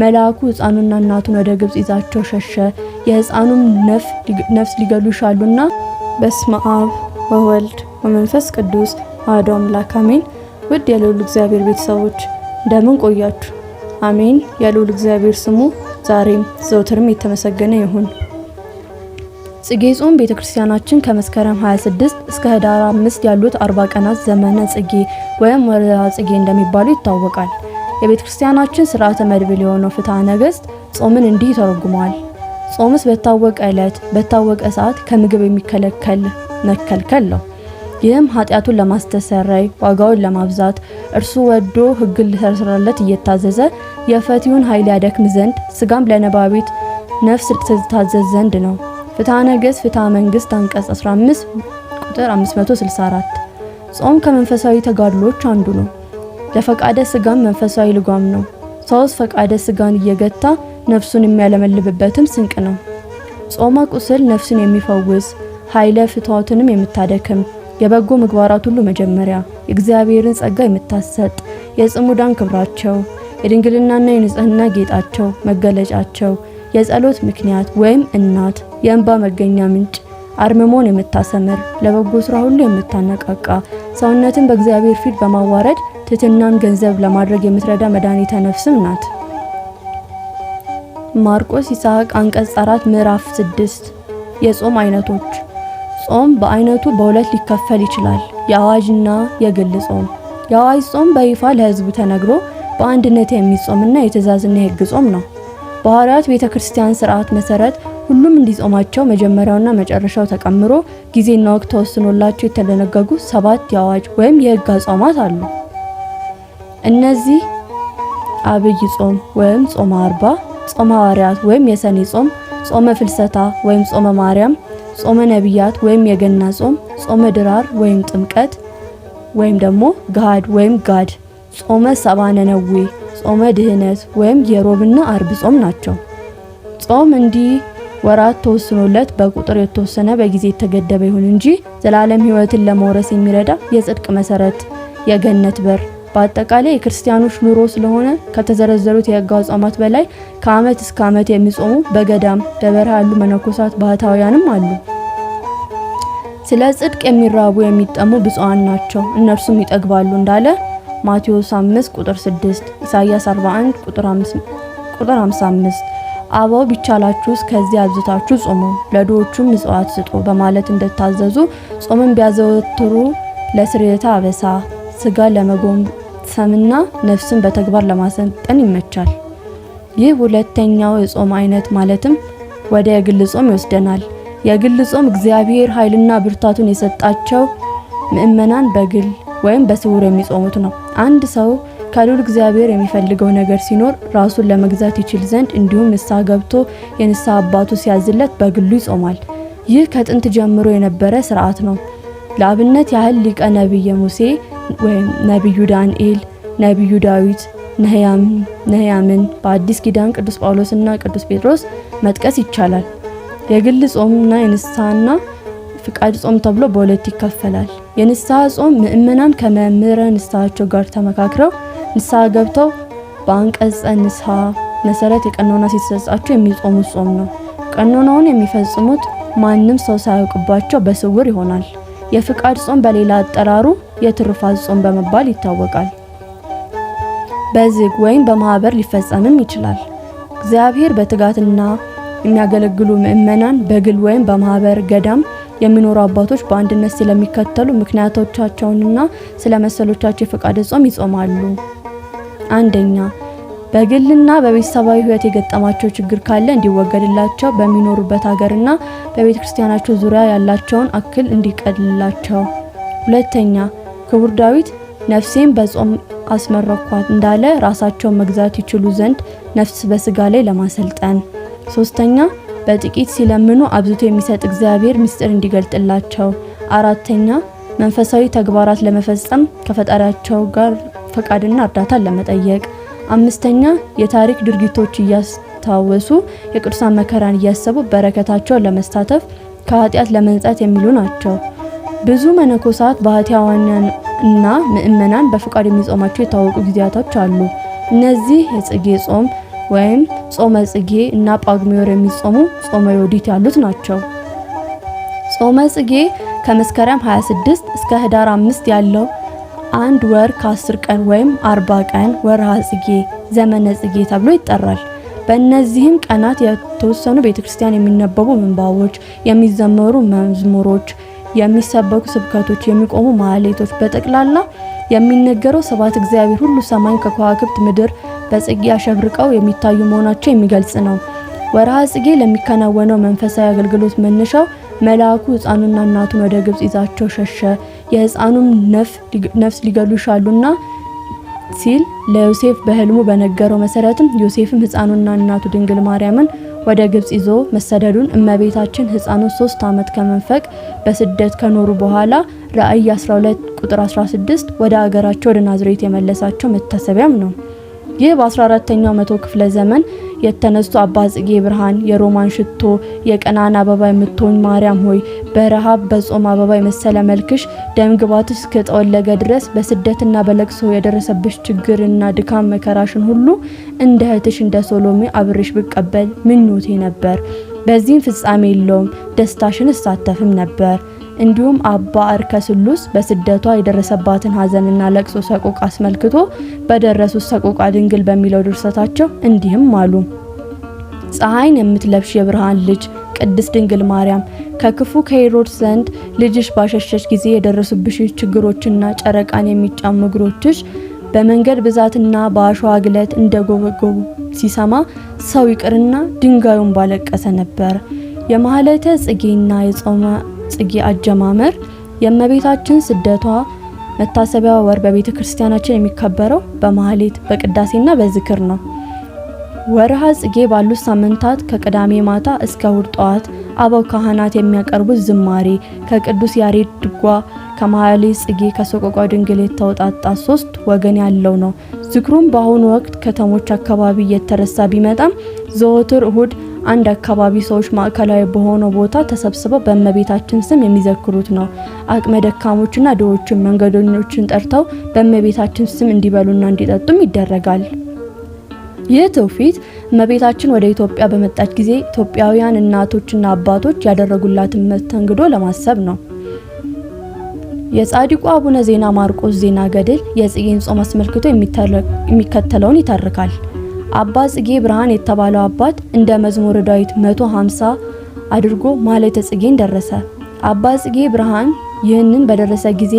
መልአኩ ህፃኑና እናቱን ወደ ግብጽ ይዛቸው ሸሸ። የህፃኑም ነፍስ ሊገሉ ይሻሉና። በስመ አብ ወወልድ ወመንፈስ ቅዱስ አሐዱ አምላክ አሜን። ውድ የልዑል እግዚአብሔር ቤተሰቦች እንደምን ቆያችሁ? አሜን። የልዑል እግዚአብሔር ስሙ ዛሬም ዘውትርም የተመሰገነ ይሁን። ጽጌ ጾም ቤተክርስቲያናችን ከመስከረም 26 እስከ ህዳር 5 ያሉት 40 ቀናት ዘመነ ጽጌ ወይም ወርሃ ጽጌ እንደሚባሉ ይታወቃል። የቤተ ክርስቲያናችን ስርዓተ መድብል የሆነው ፍትሐ ነገሥት ጾምን እንዲህ ይተረጉመዋል። ጾምስ በታወቀ ዕለት በታወቀ ሰዓት ከምግብ የሚከለከል መከልከል ነው። ይህም ኃጢአቱን ለማስተሰረይ ዋጋውን ለማብዛት እርሱ ወዶ ሕግን ሊሰራለት እየታዘዘ የፈቲውን ኃይል ያደክም ዘንድ ስጋም ለነባቢት ነፍስ ትታዘዝ ዘንድ ነው። ፍትሐ ነገሥት ፍትሐ መንግሥት አንቀጽ 15 ቁጥር 564። ጾም ከመንፈሳዊ ተጋድሎች አንዱ ነው። ለፈቃደ ስጋም መንፈሳዊ ልጓም ነው። ሰውስ ፈቃደ ስጋን እየገታ ነፍሱን የሚያለመልብበትም ስንቅ ነው። ጾመ ቁስል ነፍስን የሚፈውስ ኃይለ ፍትወትንም የምታደክም የበጎ ምግባራት ሁሉ መጀመሪያ የእግዚአብሔርን ጸጋ የምታሰጥ የጽሙዳን ክብራቸው የድንግልናና የንጽህና ጌጣቸው መገለጫቸው የጸሎት ምክንያት ወይም እናት የእንባ መገኛ ምንጭ አርምሞን የምታሰምር ለበጎ ስራ ሁሉ የምታነቃቃ ሰውነትን በእግዚአብሔር ፊት በማዋረድ ትህትናን ገንዘብ ለማድረግ የምትረዳ መድኃኒተ ነፍስም ናት። ማርቆስ ይስሐቅ አንቀጽ 4 ምዕራፍ 6 የጾም አይነቶች። ጾም በአይነቱ በሁለት ሊከፈል ይችላል፣ የአዋጅና የግል ጾም። የአዋጅ ጾም በይፋ ለሕዝቡ ተነግሮ በአንድነት የሚጾምና የትእዛዝና የሕግ ጾም ነው። በሐዋርያት ቤተ ክርስቲያን ስርዓት መሰረት ሁሉም እንዲጾማቸው መጀመሪያውና መጨረሻው ተቀምሮ ጊዜና ወቅት ተወስኖላቸው የተደነገጉ ሰባት የአዋጅ ወይም የሕግ አጾማት አሉ። እነዚህ አብይ ጾም ወይም ጾመ አርባ፣ ጾመ ሐዋርያት ወይም የሰኔ ጾም፣ ጾመ ፍልሰታ ወይም ጾመ ማርያም፣ ጾመ ነቢያት ወይም የገና ጾም፣ ጾመ ድራር ወይም ጥምቀት ወይም ደግሞ ጋድ ወይም ጋድ፣ ጾመ ሰባ ነነዌ፣ ጾመ ድህነት ወይም የሮብና አርብ ጾም ናቸው። ጾም እንዲህ ወራት ተወስኖለት በቁጥር የተወሰነ በጊዜ የተገደበ ይሁን እንጂ ዘላለም ሕይወትን ለመውረስ የሚረዳ የጽድቅ መሰረት የገነት በር በአጠቃላይ የክርስቲያኖች ኑሮ ስለሆነ ከተዘረዘሩት የህግ አጽዋማት በላይ ከዓመት እስከ ዓመት የሚጾሙ በገዳም በበረሃ ያሉ መነኮሳት ባህታውያንም አሉ። ስለ ጽድቅ የሚራቡ የሚጠሙ ብፁዓን ናቸው፣ እነርሱም ይጠግባሉ እንዳለ ማቴዎስ 5 ቁጥር 6፣ ኢሳያስ 41 ቁጥር 55 አበው ቢቻላችሁ እስከዚህ አብዝታችሁ ጾሙ፣ ለድሆቹም ምጽዋት ስጡ በማለት እንደታዘዙ ጾምን ቢያዘወትሩ ለስርየተ አበሳ ስጋ ለመጎም ሰምና ነፍስን በተግባር ለማሰልጠን ይመቻል። ይህ ሁለተኛው የጾም አይነት ማለትም ወደ የግል ጾም ይወስደናል። የግል ጾም እግዚአብሔር ኃይልና ብርታቱን የሰጣቸው ምእመናን በግል ወይም በስውር የሚጾሙት ነው። አንድ ሰው ከልዑል እግዚአብሔር የሚፈልገው ነገር ሲኖር ራሱን ለመግዛት ይችል ዘንድ እንዲሁም ንስሐ ገብቶ የንስሐ አባቱ ሲያዝለት በግሉ ይጾማል። ይህ ከጥንት ጀምሮ የነበረ ስርዓት ነው። ለአብነት ያህል ሊቀ ነቢየ ሙሴ ወይም ነቢዩ ዳንኤል፣ ነቢዩ ዳዊት፣ ነህያምን በአዲስ ኪዳን ቅዱስ ጳውሎስና ቅዱስ ጴጥሮስ መጥቀስ ይቻላል። የግል ጾምና የንስሐና ፍቃድ ጾም ተብሎ በሁለት ይከፈላል። የንስሐ ጾም ምእመናን ከመምህረ ንስሐቸው ጋር ተመካክረው ንስሐ ገብተው በአንቀጸ ንስሐ መሰረት የቀኖና ሲሰጣቸው የሚጾሙት ጾም ነው። ቀኖናውን የሚፈጽሙት ማንም ሰው ሳያውቅባቸው በስውር ይሆናል። የፍቃድ ጾም በሌላ አጠራሩ የትሩፋት ጾም በመባል ይታወቃል። በዝግ ወይም በማህበር ሊፈጸምም ይችላል። እግዚአብሔር በትጋትና የሚያገለግሉ ምእመናን በግል ወይም በማህበር ገዳም የሚኖሩ አባቶች በአንድነት ስለሚከተሉ ምክንያቶቻቸውንና ስለመሰሎቻቸው መሰሎቻቸው የፍቃድ ጾም ይጾማሉ። አንደኛ በግልና በቤተሰባዊ ህይወት የገጠማቸው ችግር ካለ እንዲወገድላቸው በሚኖሩበት ሀገርና በቤተ ክርስቲያናቸው ዙሪያ ያላቸውን አክል እንዲቀልላቸው። ሁለተኛ ክቡር ዳዊት ነፍሴን በጾም አስመረኳት እንዳለ ራሳቸውን መግዛት ይችሉ ዘንድ ነፍስ በስጋ ላይ ለማሰልጠን። ሶስተኛ በጥቂት ሲለምኑ አብዝቶ የሚሰጥ እግዚአብሔር ምስጢር እንዲገልጥላቸው። አራተኛ መንፈሳዊ ተግባራት ለመፈጸም ከፈጣሪያቸው ጋር ፈቃድና እርዳታን ለመጠየቅ አምስተኛ የታሪክ ድርጊቶች እያስታወሱ የቅዱሳን መከራን እያሰቡ በረከታቸውን ለመስታተፍ ከኃጢአት ለመንጻት የሚሉ ናቸው። ብዙ መነኮሳት ባህታውያን እና ምእመናን በፍቃድ የሚጾማቸው የታወቁ ጊዜያቶች አሉ። እነዚህ የጽጌ ጾም ወይም ጾመ ጽጌ እና ጳጉሜ ወር የሚጾሙ ጾመ ዮዲት ያሉት ናቸው። ጾመ ጽጌ ከመስከረም 26 እስከ ህዳር 5 ያለው አንድ ወር ከአስር ቀን ወይም አርባ ቀን ወርሃ ጽጌ፣ ዘመነ ጽጌ ተብሎ ይጠራል። በእነዚህም ቀናት የተወሰኑ ቤተክርስቲያን የሚነበቡ ምንባቦች፣ የሚዘመሩ መዝሙሮች፣ የሚሰበኩ ስብከቶች፣ የሚቆሙ ማህሌቶች፣ በጠቅላላ የሚነገረው ሰባት እግዚአብሔር ሁሉ ሰማይ ከከዋክብት ምድር በጽጌ አሸብርቀው የሚታዩ መሆናቸው የሚገልጽ ነው። ወርሃ ጽጌ ለሚከናወነው መንፈሳዊ አገልግሎት መነሻው መልአኩ ህፃኑና እናቱን ወደ ግብጽ ይዛቸው ሸሸ። የሕፃኑም ነፍስ ሊገሉ ይሻሉና ሲል ለዮሴፍ በህልሙ በነገረው መሰረትም ዮሴፍም ህፃኑና እናቱ ድንግል ማርያምን ወደ ግብጽ ይዞ መሰደዱን እመቤታችን ህፃኑ ሶስት ዓመት ከመንፈቅ በስደት ከኖሩ በኋላ ራእይ 12 ቁጥር 16 ወደ አገራቸው ወደ ናዝሬት የመለሳቸው መታሰቢያም ነው። ይህ በ14ኛው መቶ ክፍለ ዘመን የተነሱ አባ ጽጌ ብርሃን የሮማን ሽቶ የቀናን አበባ የምትሆኝ ማርያም ሆይ በረሃብ በጾም አበባ የመሰለ መልክሽ ደምግባትሽ እስከጠወለገ ድረስ በስደትና በለቅሶ የደረሰብሽ ችግርና ድካም መከራሽን ሁሉ እንደ እህትሽ እንደ ሶሎሜ አብርሽ ብቀበል ምኞቴ ነበር። በዚህም ፍጻሜ የለውም፣ ደስታሽን እሳተፍም ነበር። እንዲሁም አባ እርከ ስሉስ በስደቷ የደረሰባትን ሀዘንና ለቅሶ ሰቆቃ አስመልክቶ በደረሱት ሰቆቃ ድንግል በሚለው ድርሰታቸው እንዲህም አሉ። ፀሐይን የምትለብሽ የብርሃን ልጅ ቅድስት ድንግል ማርያም ከክፉ ከሄሮድስ ዘንድ ልጅሽ ባሸሸች ጊዜ የደረሱብሽ ችግሮችና ጨረቃን የሚጫሙ እግሮችሽ በመንገድ ብዛትና በአሸዋ ግለት እንደጎበጎቡ ሲሰማ ሰው ይቅርና ድንጋዩን ባለቀሰ ነበር። የማህለተ ጽጌና የጾመ ጽጌ አጀማመር የእመቤታችን ስደቷ መታሰቢያ ወር በቤተ ክርስቲያናችን የሚከበረው በማህሌት በቅዳሴና በዝክር ነው። ወርሃ ጽጌ ባሉት ሳምንታት ከቅዳሜ ማታ እስከ እሁድ ጠዋት አበው ካህናት የሚያቀርቡት ዝማሬ ከቅዱስ ያሬድ ድጓ፣ ከማህሌት ጽጌ፣ ከሰቆቃ ድንግል የተውጣጣ ሶስት ወገን ያለው ነው። ዝክሩም በአሁኑ ወቅት ከተሞች አካባቢ እየተረሳ ቢመጣም ዘወትር እሁድ አንድ አካባቢ ሰዎች ማዕከላዊ በሆነው ቦታ ተሰብስበው በእመቤታችን ስም የሚዘክሩት ነው። አቅመ ደካሞችና ድሆችን፣ መንገደኞችን ጠርተው በእመቤታችን ስም እንዲበሉና እንዲጠጡም ይደረጋል። ይህ ትውፊት እመቤታችን ወደ ኢትዮጵያ በመጣች ጊዜ ኢትዮጵያውያን እናቶችና አባቶች ያደረጉላትን መስተንግዶ ለማሰብ ነው። የጻድቁ አቡነ ዜና ማርቆስ ዜና ገድል የጽጌን ጾም አስመልክቶ የሚከተለውን ይተርካል። አባ ጽጌ ብርሃን የተባለው አባት እንደ መዝሙረ ዳዊት 150 አድርጎ ማኅሌተ ጽጌን ደረሰ። አባ ጽጌ ብርሃን ይህንን በደረሰ ጊዜ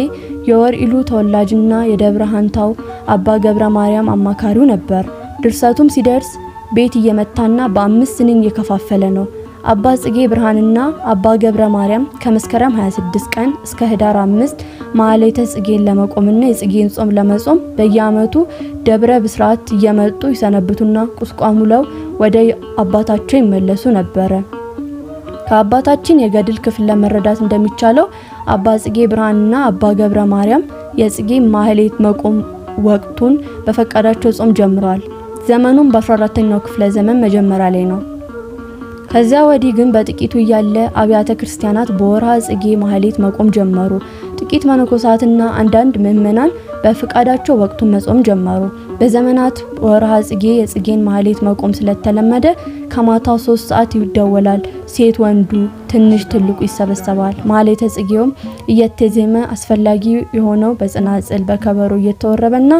የወርኢሉ ተወላጅና የደብረ ሀንታው አባ ገብረ ማርያም አማካሪው ነበር። ድርሰቱም ሲደርስ ቤት እየመታና በአምስት ስንኝ የከፋፈለ ነው። አባ ጽጌ ብርሃንና አባ ገብረ ማርያም ከመስከረም 26 ቀን እስከ ህዳር 5 ማህሌተ ጽጌን ለመቆምና የጽጌን ጾም ለመጾም በየአመቱ ደብረ ብስራት እየመጡ ይሰነብቱና ቁስቋም ውለው ወደ አባታቸው ይመለሱ ነበረ። ከአባታችን የገድል ክፍል ለመረዳት እንደሚቻለው አባ ጽጌ ብርሃንና አባ ገብረ ማርያም የጽጌ ማህሌት መቆም ወቅቱን በፈቃዳቸው ጾም ጀምረዋል። ዘመኑም በ14ኛው ክፍለ ዘመን መጀመሪያ ላይ ነው። ከዚያ ወዲህ ግን በጥቂቱ እያለ አብያተ ክርስቲያናት በወርሃ ጽጌ ማህሌት መቆም ጀመሩ። ጥቂት መነኮሳትና አንዳንድ ምዕመናን በፍቃዳቸው ወቅቱን መጾም ጀመሩ። በዘመናት ወርሃ ጽጌ የጽጌን ማህሌት መቆም ስለተለመደ ከማታው ሶስት ሰዓት ይደወላል። ሴት ወንዱ ትንሽ ትልቁ ይሰበሰባል። ማህሌተ ጽጌውም እየተዜመ አስፈላጊ የሆነው በጽናጽል በከበሮ እየተወረበና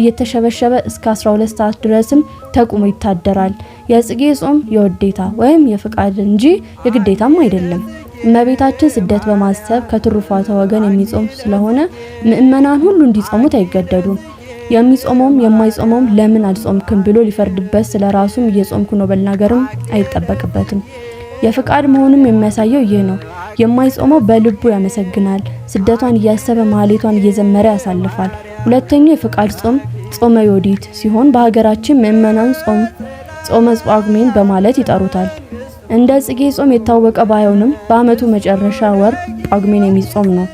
እየተሸበሸበ እስከ 12 ሰዓት ድረስም ተቁሞ ይታደራል። የጽጌ ጾም የውዴታ ወይም የፍቃድ እንጂ የግዴታም አይደለም። እመቤታችን ስደት በማሰብ ከትሩፋተ ወገን የሚጾም ስለሆነ ምእመናን ሁሉ እንዲጾሙት አይገደዱም። የሚጾመውም የማይጾመውም ለምን አልጾምክም ብሎ ሊፈርድበት ራሱም እየጾምኩ ነው በልናገርም አይጠበቅበትም። የፍቃድ መሆኑም የሚያሳየው ይህ ነው። የማይጾመው በልቡ ያመሰግናል፣ ስደቷን እያሰበ ማህሌቷን እየዘመረ ያሳልፋል። ሁለተኛው የፍቃድ ጾም ጾመ ዮዲት ሲሆን በሀገራችን ምእመናን ጾም ጾመ ጳጉሜን በማለት ይጠሩታል። እንደ ጽጌ ጾም የታወቀ ባይሆንም በአመቱ መጨረሻ ወር ጳጉሜን የሚጾም ነው።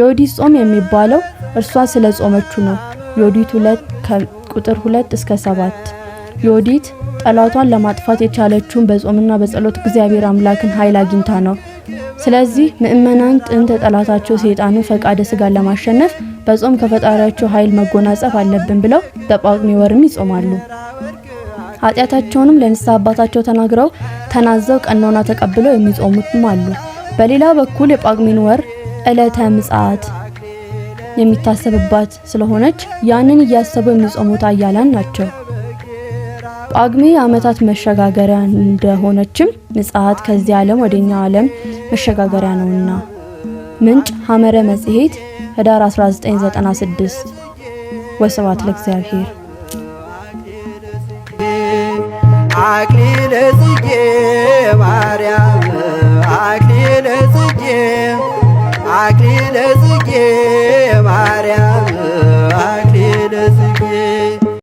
ዮዲት ጾም የሚባለው እርሷ ስለ ጾመቹ ነው። ዮዲት ሁለት ከቁጥር ሁለት እስከ ሰባት ዮዲት ጠላቷን ለማጥፋት የቻለችውን በጾምና በጸሎት እግዚአብሔር አምላክን ኃይል አግኝታ ነው። ስለዚህ ምእመናን ጥንተ ጠላታቸው ሰይጣንን ፈቃደ ስጋን ለማሸነፍ በጾም ከፈጣሪያቸው ኃይል መጎናጸፍ አለብን ብለው በጳጉሜ ወርም ይጾማሉ። ኃጢአታቸውንም ለንስሐ አባታቸው ተናግረው ተናዘው ቀኖና ተቀብለው የሚጾሙትም አሉ። በሌላ በኩል የጳጉሜን ወር ዕለተ ምጽአት የሚታሰብባት ስለሆነች ያንን እያሰቡ የሚጾሙት አያላን ናቸው። ጳጉሜ የዓመታት መሸጋገሪያ እንደሆነችም ምጽአት ከዚህ ዓለም ወደኛ ዓለም መሸጋገሪያ ነውና። ምንጭ ሐመረ መጽሔት ህዳር 1996። ወስብሐት ለእግዚአብሔር። አክሊለ ጽጌ ማርያም አክሊለ ጽጌ አክሊለ ጽጌ ማርያም አክሊለ ጽጌ